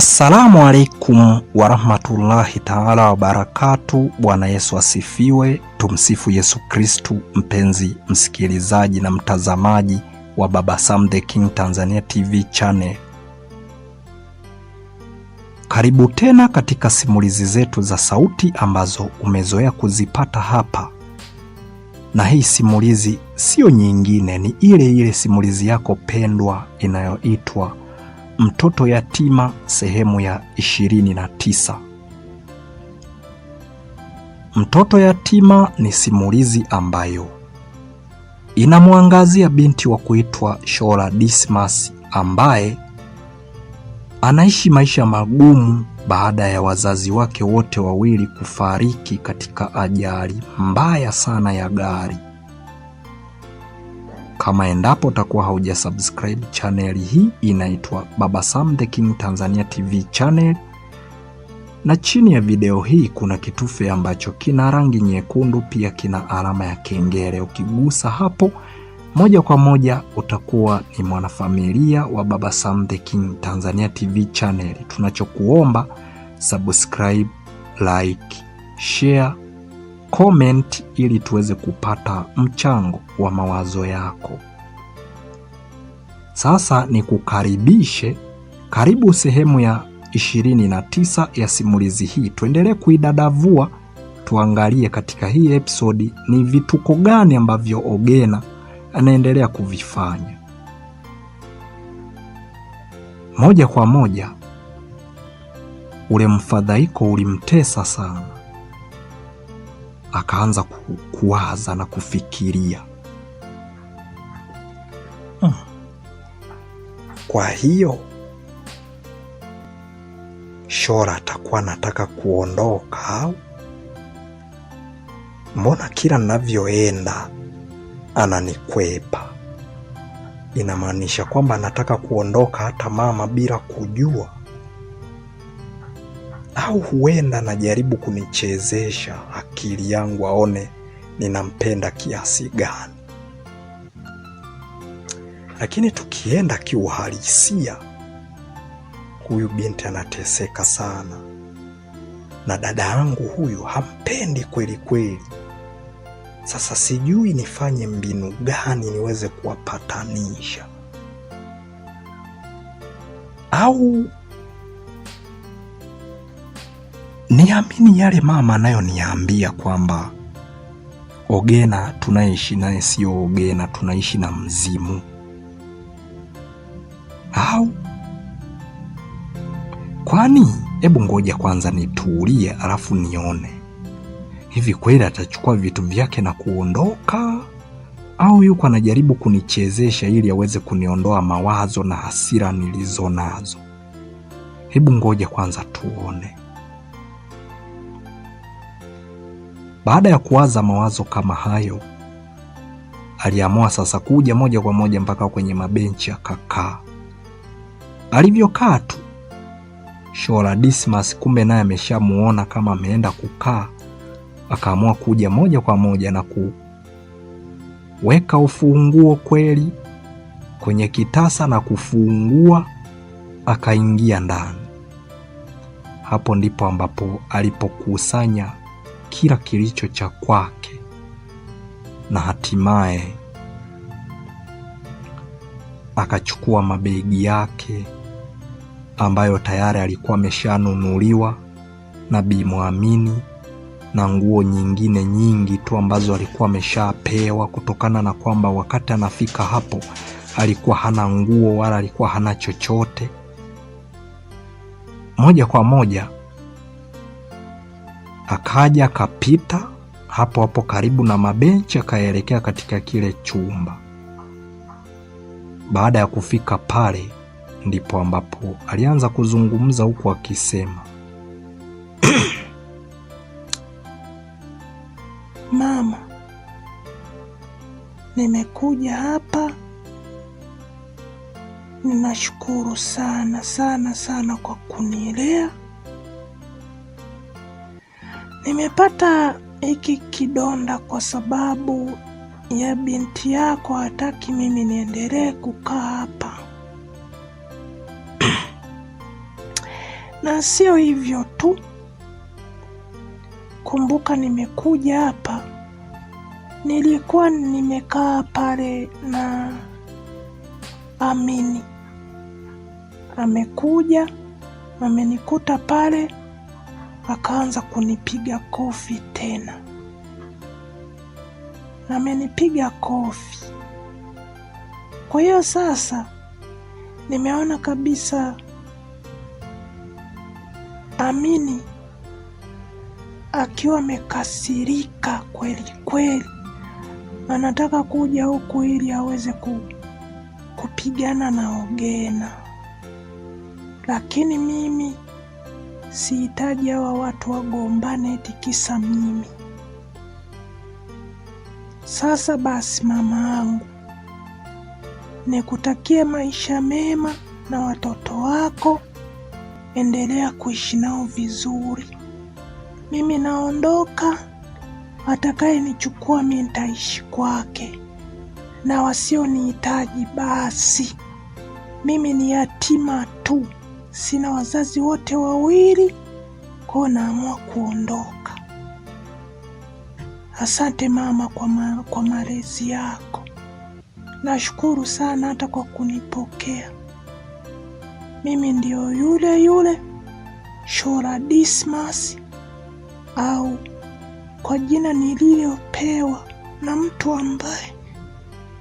Assalamu alaikum warahmatullahi taala wabarakatu. Bwana Yesu asifiwe, tumsifu Yesu Kristu. Mpenzi msikilizaji na mtazamaji wa Baba Sam the King Tanzania TV channel, karibu tena katika simulizi zetu za sauti ambazo umezoea kuzipata hapa, na hii simulizi siyo nyingine, ni ile ile simulizi yako pendwa inayoitwa Mtoto yatima sehemu ya 29. Mtoto yatima ni simulizi ambayo inamwangazia binti wa kuitwa Shola Dismas ambaye anaishi maisha magumu baada ya wazazi wake wote wawili kufariki katika ajali mbaya sana ya gari. Kama endapo utakuwa hauja subscribe channel hii inaitwa Baba Sam The King Tanzania TV channel, na chini ya video hii kuna kitufe ambacho kina rangi nyekundu, pia kina alama ya kengele. Ukigusa hapo moja kwa moja utakuwa ni mwanafamilia wa Baba Sam The King Tanzania TV channel. Tunachokuomba subscribe, like, share comment ili tuweze kupata mchango wa mawazo yako. Sasa ni kukaribishe, karibu sehemu ya 29 ya simulizi hii. Tuendelee kuidadavua, tuangalie katika hii episodi ni vituko gani ambavyo Ogena anaendelea kuvifanya. Moja kwa moja, ule mfadhaiko ulimtesa sana akaanza ku, kuwaza na kufikiria. Hmm. Kwa hiyo Shora atakuwa anataka kuondoka au? Mbona kila ninavyoenda ananikwepa? Inamaanisha kwamba anataka kuondoka hata mama bila kujua au huenda anajaribu kunichezesha akili yangu aone ninampenda kiasi gani. Lakini tukienda kiuhalisia, huyu binti anateseka sana, na dada yangu huyu hampendi kweli kweli. Sasa sijui nifanye mbinu gani niweze kuwapatanisha au niamini yale mama anayoniambia kwamba Ogena tunaishi naye sio Ogena, tunaishi na mzimu. Au kwani? Hebu ngoja kwanza nitulie, alafu nione hivi kweli atachukua vitu vyake na kuondoka, au yuko anajaribu kunichezesha ili aweze kuniondoa mawazo na hasira nilizo nazo. Hebu ngoja kwanza tuone. Baada ya kuwaza mawazo kama hayo, aliamua sasa kuja moja kwa moja mpaka kwenye mabenchi akakaa. Alivyokaa tu, Shola Dismas kumbe naye ameshamuona kama ameenda kukaa, akaamua kuja moja kwa moja na kuweka ufunguo kweli kwenye kitasa na kufungua, akaingia ndani. Hapo ndipo ambapo alipokusanya kila kilicho cha kwake na hatimaye akachukua mabegi yake ambayo tayari alikuwa ameshanunuliwa na Bi Mwamini na nguo nyingine nyingi tu ambazo alikuwa ameshapewa, kutokana na kwamba wakati anafika hapo alikuwa hana nguo wala alikuwa hana chochote moja kwa moja Akaja akapita hapo hapo karibu na mabenchi, akaelekea katika kile chumba. Baada ya kufika pale, ndipo ambapo alianza kuzungumza huku akisema Mama, nimekuja hapa, ninashukuru sana sana sana kwa kunilea Nimepata hiki kidonda kwa sababu ya binti yako hataki mimi niendelee kukaa hapa. Na sio hivyo tu. Kumbuka nimekuja hapa. Nilikuwa nimekaa pale na Amini. Amekuja, amenikuta pale akaanza kunipiga kofi tena, amenipiga kofi. Kwa hiyo sasa nimeona kabisa Amini akiwa amekasirika kweli kweli, anataka kuja huku ili aweze ku, kupigana na Ogena, lakini mimi Sihitaji hawa watu wagombane eti kisa mimi. Sasa basi, mama yangu, nikutakie maisha mema na watoto wako, endelea kuishi nao vizuri. Mimi naondoka, atakayenichukua mimi nitaishi kwake, na wasionihitaji basi, mimi ni yatima tu sina wazazi wote wawili, kwao naamua kuondoka. Asante mama kwa, ma kwa malezi yako, nashukuru sana hata kwa kunipokea. Mimi ndio yule yule Shora Dismas au kwa jina niliyopewa na mtu ambaye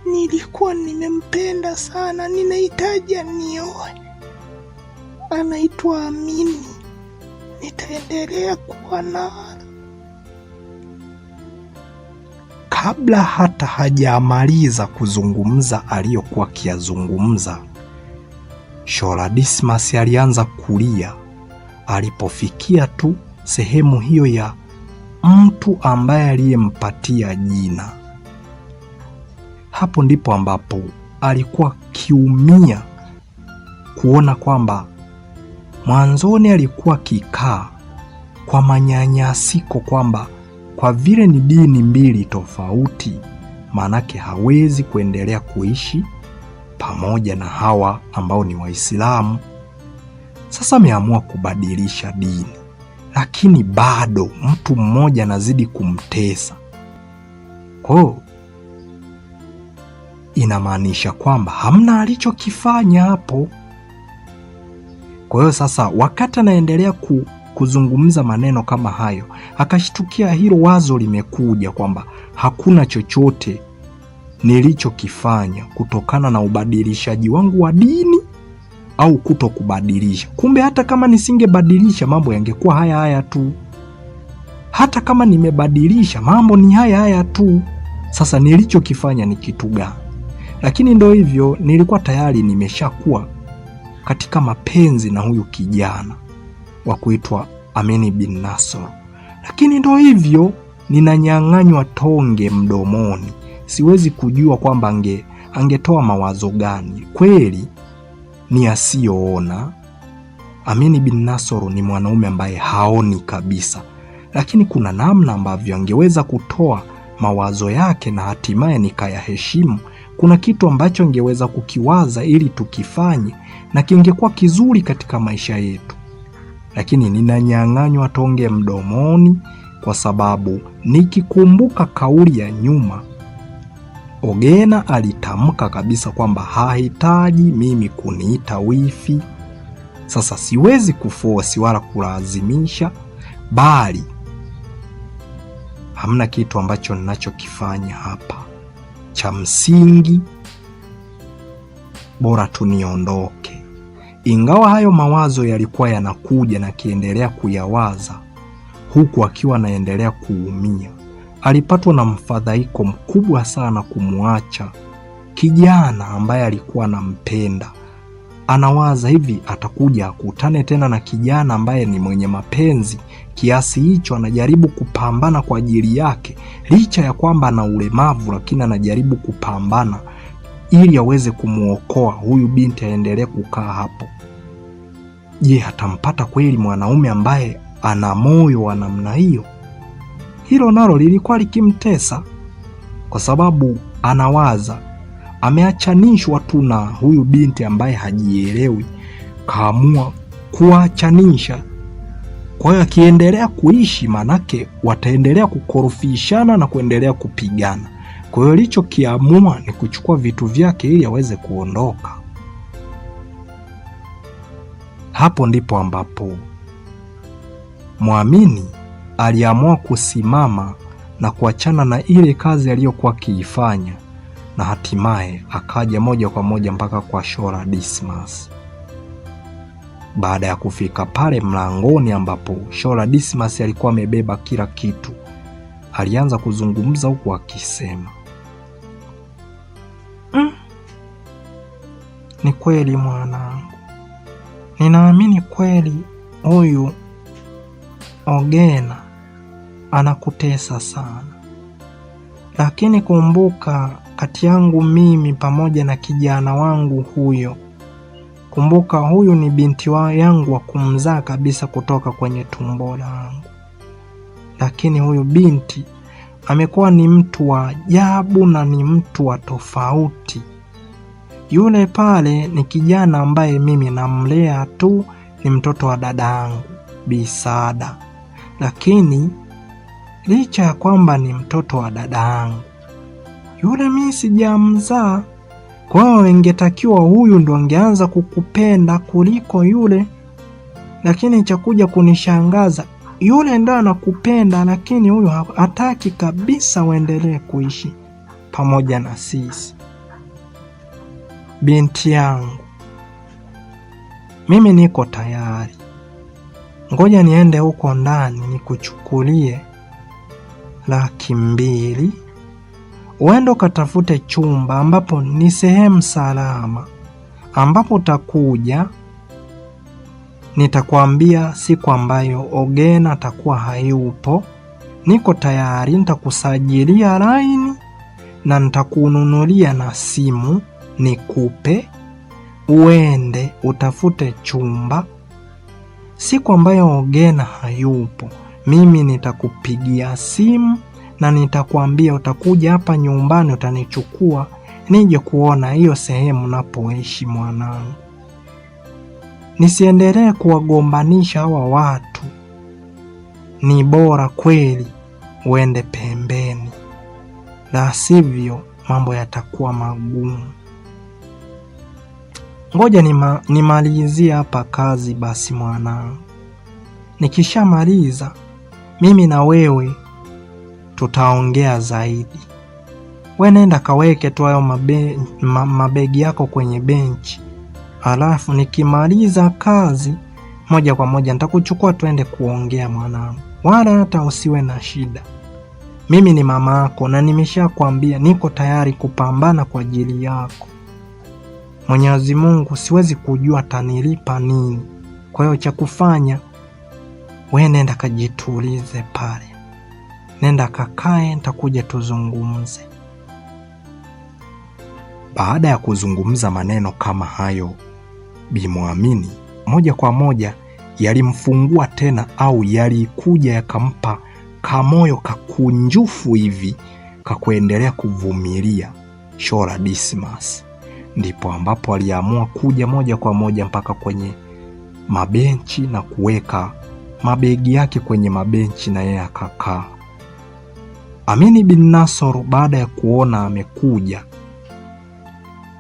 nilikuwa nimempenda sana, ninahitaji anioe anaitwa Amini. Nitaendelea kuwa na Kabla hata hajamaliza kuzungumza aliyokuwa akiyazungumza, Shola Dismas alianza kulia. Alipofikia tu sehemu hiyo ya mtu ambaye aliyempatia jina, hapo ndipo ambapo alikuwa kiumia kuona kwamba Mwanzoni alikuwa akikaa kwa manyanyasiko kwamba kwa vile ni dini mbili tofauti, maanake hawezi kuendelea kuishi pamoja na hawa ambao ni Waislamu. Sasa ameamua kubadilisha dini, lakini bado mtu mmoja anazidi kumtesa. Kwa hiyo inamaanisha kwamba hamna alichokifanya hapo. Kwa hiyo sasa, wakati anaendelea ku, kuzungumza maneno kama hayo, akashtukia hilo wazo limekuja kwamba hakuna chochote nilichokifanya kutokana na ubadilishaji wangu wa dini au kutokubadilisha. Kumbe hata kama nisingebadilisha mambo yangekuwa haya haya tu, hata kama nimebadilisha mambo ni haya haya tu. Sasa nilichokifanya ni kitu gani? Lakini ndo hivyo, nilikuwa tayari nimeshakuwa katika mapenzi na huyu kijana wa kuitwa Amini bin Nasr, lakini ndo hivyo ninanyang'anywa tonge mdomoni, siwezi kujua kwamba ange angetoa mawazo gani. Kweli ni asiyoona. Amini bin Nasr ni mwanaume ambaye haoni kabisa, lakini kuna namna ambavyo angeweza kutoa mawazo yake na hatimaye nikayaheshimu. Kuna kitu ambacho angeweza kukiwaza ili tukifanye na kingekuwa kizuri katika maisha yetu, lakini ninanyang'anywa tonge mdomoni kwa sababu nikikumbuka kauli ya nyuma, Ogena alitamka kabisa kwamba hahitaji mimi kuniita wifi. Sasa siwezi kufosi wala kulazimisha, bali hamna kitu ambacho ninachokifanya hapa cha msingi. Bora tuniondoke. Ingawa hayo mawazo yalikuwa yanakuja na akiendelea kuyawaza huku akiwa anaendelea kuumia, alipatwa na mfadhaiko mkubwa sana kumwacha kijana ambaye alikuwa anampenda. Anawaza hivi, atakuja akutane tena na kijana ambaye ni mwenye mapenzi kiasi hicho, anajaribu kupambana kwa ajili yake, licha ya kwamba ana ulemavu, lakini anajaribu kupambana ili aweze kumwokoa huyu binti aendelee kukaa hapo. Je, atampata kweli mwanaume ambaye ana moyo wa namna hiyo? Hilo nalo lilikuwa likimtesa, kwa sababu anawaza ameachanishwa tu na huyu binti ambaye hajielewi, kaamua kuachanisha. Kwa hiyo akiendelea kuishi, manake wataendelea kukorofishana na kuendelea kupigana. Kwa hiyo alichokiamua ni kuchukua vitu vyake ili aweze kuondoka. Hapo ndipo ambapo mwamini aliamua kusimama na kuachana na ile kazi aliyokuwa akiifanya, na hatimaye akaja moja kwa moja mpaka kwa Shora Dismas. Baada ya kufika pale mlangoni ambapo Shora Dismas alikuwa amebeba kila kitu, alianza kuzungumza huku akisema Mm. Ni kweli mwanangu, ninaamini kweli huyu Ogena anakutesa sana, lakini kumbuka, kati yangu mimi pamoja na kijana wangu huyo, kumbuka huyu ni binti wa yangu wa kumzaa kabisa kutoka kwenye tumbo langu, lakini huyu binti amekuwa ni mtu wa ajabu na ni mtu wa tofauti. Yule pale ni kijana ambaye mimi namlea tu, ni mtoto wa dada yangu Bisada, lakini licha ya kwamba ni mtoto wa dada yangu yule, mimi sijamzaa. Kwa hiyo ingetakiwa huyu ndo angeanza kukupenda kuliko yule, lakini cha kuja kunishangaza yule ndo anakupenda, lakini huyo hataki kabisa uendelee kuishi pamoja na sisi. Binti yangu, mimi niko tayari, ngoja niende huko ndani nikuchukulie laki mbili uende ukatafute chumba ambapo ni sehemu salama, ambapo utakuja Nitakwambia siku ambayo Ogena atakuwa hayupo. Niko tayari, nitakusajilia laini na nitakununulia na simu nikupe, uende utafute chumba. Siku ambayo Ogena hayupo, mimi nitakupigia simu na nitakwambia utakuja hapa nyumbani, utanichukua nije kuona hiyo sehemu napoishi mwanangu nisiendelee kuwagombanisha hawa watu, ni bora kweli uende pembeni, la sivyo mambo yatakuwa magumu. Ngoja nima, nimalizie hapa kazi basi mwanangu. Nikishamaliza mimi na wewe tutaongea zaidi. We nenda kaweke tu hayo mabe, ma, mabegi yako kwenye benchi Alafu nikimaliza kazi moja kwa moja nitakuchukua twende kuongea mwanangu, wala hata usiwe na shida. Mimi ni mama yako na nimeshakwambia niko tayari kupambana kwa ajili yako. Mwenyezi Mungu siwezi kujua tanilipa nini, kwa hiyo cha kufanya we nenda kajitulize pale, nenda kakae, nitakuja tuzungumze. Baada ya kuzungumza maneno kama hayo Bimwamini moja kwa moja yalimfungua tena, au yalikuja yakampa kamoyo kakunjufu hivi kakuendelea kuvumilia Shora Dismas. Ndipo ambapo aliamua kuja moja kwa moja mpaka kwenye mabenchi na kuweka mabegi yake kwenye mabenchi na yeye akakaa. Amini bin Nasor baada ya kuona amekuja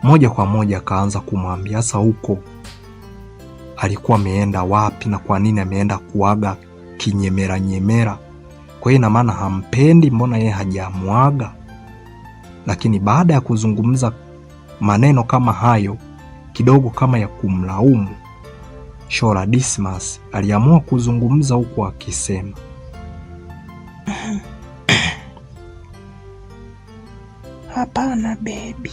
moja kwa moja akaanza kumwambia, sasa huko alikuwa ameenda wapi na kwa nini ameenda kuaga kinyemera nyemera. Kwa hiyo ina maana hampendi, mbona yeye hajamwaga? Lakini baada ya kuzungumza maneno kama hayo kidogo kama ya kumlaumu, Shora Dismas aliamua kuzungumza huku akisema Hapana bebi,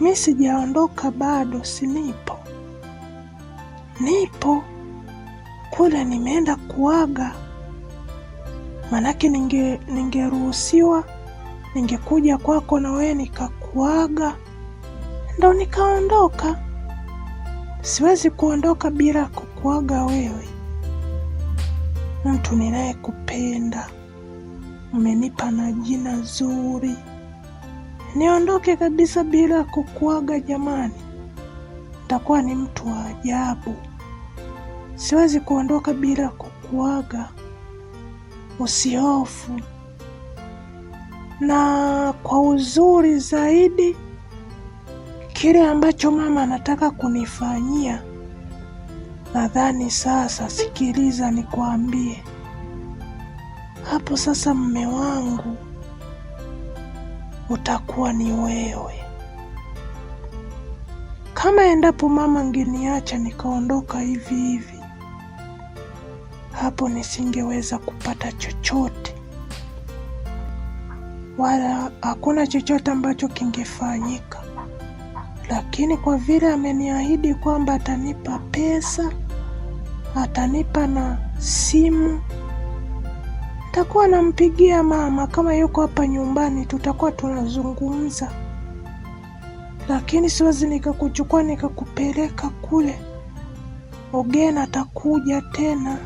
mi sijaondoka bado, si nipo kule, nimeenda kuaga. Manake ninge ningeruhusiwa ningekuja kwako na wewe nikakuaga, ndo nikaondoka. Siwezi kuondoka bila kukuaga wewe, mtu ninayekupenda. Umenipa na jina zuri, niondoke kabisa bila kukuaga? Jamani, nitakuwa ni mtu wa ajabu. Siwezi kuondoka bila kukuaga, usihofu. Na kwa uzuri zaidi, kile ambacho mama anataka kunifanyia, nadhani sasa, sikiliza nikwambie hapo sasa, mme wangu utakuwa ni wewe. Kama endapo mama ngeniacha nikaondoka hivi hivi hapo nisingeweza kupata chochote, wala hakuna chochote ambacho kingefanyika. Lakini kwa vile ameniahidi kwamba atanipa pesa, atanipa na simu, nitakuwa nampigia mama kama yuko hapa nyumbani, tutakuwa tunazungumza. Lakini siwezi nikakuchukua nikakupeleka kule. Ogena atakuja tena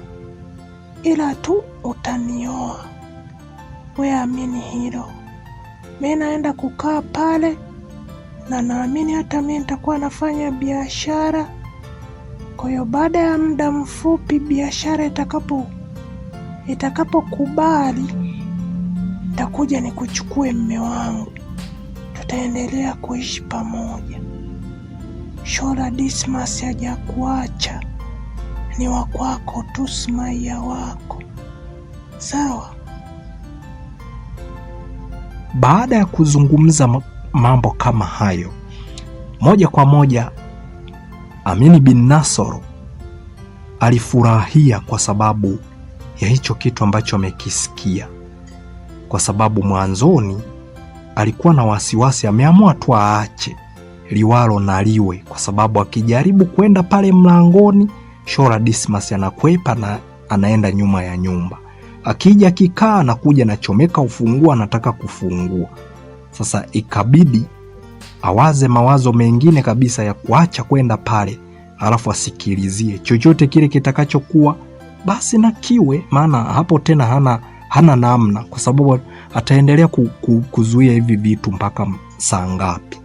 ila tu utanioa. We amini hilo. Mi naenda kukaa pale, na naamini hata mi nitakuwa nafanya biashara. Kwa hiyo baada ya muda mfupi, biashara itakapo itakapokubali, nitakuja nikuchukue mme wangu, tutaendelea kuishi pamoja. Shola Dismas hajakuacha ni wa kwako tu, Smaia wako sawa. Baada ya kuzungumza mambo kama hayo, moja kwa moja Amini bin Nasoro alifurahia kwa sababu ya hicho kitu ambacho amekisikia, kwa sababu mwanzoni alikuwa na wasiwasi. Ameamua tu aache liwalo na liwe, kwa sababu akijaribu kwenda pale mlangoni Shora Dismas anakwepa na anaenda nyuma ya nyumba. Akija kikaa anakuja anachomeka ufunguo, anataka kufungua. Sasa ikabidi awaze mawazo mengine kabisa ya kuacha kwenda pale, alafu asikilizie chochote kile kitakachokuwa basi na kiwe, maana hapo tena hana hana namna, kwa sababu ataendelea ku, ku, kuzuia hivi vitu mpaka saa ngapi?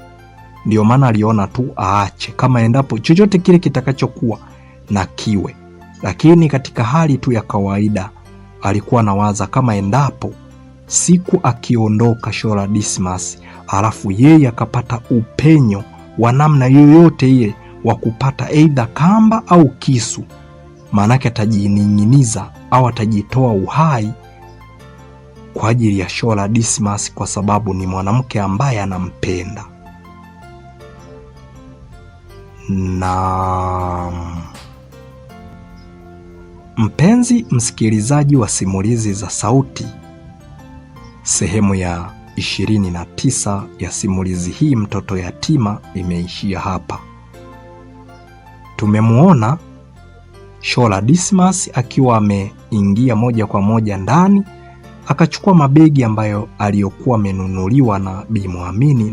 Ndio maana aliona tu aache, kama endapo chochote kile kitakachokuwa na kiwe, lakini katika hali tu ya kawaida alikuwa anawaza kama endapo siku akiondoka Shola Dismas, alafu yeye akapata upenyo wa namna yoyote ile wa kupata aidha kamba au kisu, maanake atajining'iniza au atajitoa uhai kwa ajili ya Shola Dismas, kwa sababu ni mwanamke ambaye anampenda na Mpenzi msikilizaji wa simulizi za sauti, sehemu ya 29 ya simulizi hii Mtoto Yatima imeishia hapa. Tumemwona Shola Dismas akiwa ameingia moja kwa moja ndani akachukua mabegi ambayo aliyokuwa amenunuliwa na Bi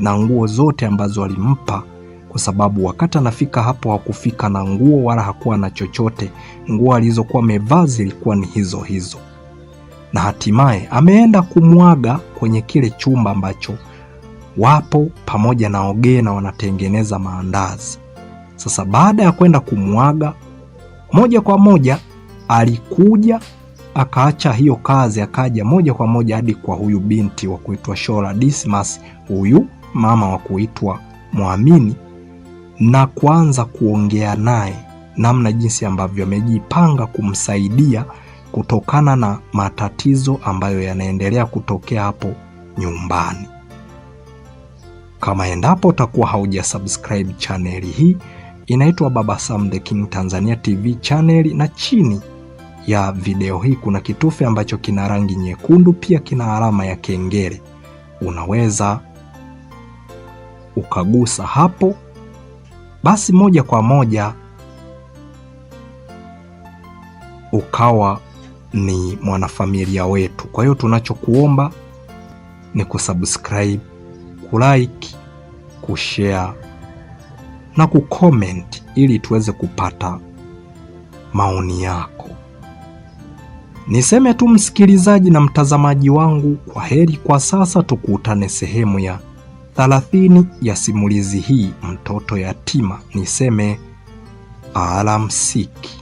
na nguo zote ambazo alimpa kwa sababu wakati anafika hapo hakufika na nguo wala hakuwa na chochote. Nguo alizokuwa amevaa zilikuwa ni hizo hizo, na hatimaye ameenda kumwaga kwenye kile chumba ambacho wapo pamoja na Ogee na wanatengeneza maandazi. Sasa baada ya kwenda kumwaga, moja kwa moja alikuja akaacha hiyo kazi, akaja moja kwa moja hadi kwa huyu binti wa kuitwa Shola Dismas, huyu mama wa kuitwa Mwamini na kuanza kuongea naye namna jinsi ambavyo amejipanga kumsaidia kutokana na matatizo ambayo yanaendelea kutokea hapo nyumbani. Kama endapo utakuwa haujasubscribe chaneli hii, inaitwa Baba Sam The King Tanzania TV chaneli, na chini ya video hii kuna kitufe ambacho kina rangi nyekundu, pia kina alama ya kengele. Unaweza ukagusa hapo basi moja kwa moja ukawa ni mwanafamilia wetu. Kwa hiyo tunachokuomba ni kusubscribe, kulike, kushare na kucomment ili tuweze kupata maoni yako. Niseme tu msikilizaji na mtazamaji wangu, kwa heri kwa sasa, tukutane sehemu ya thalathini ya simulizi hii Mtoto Yatima, niseme alamsiki.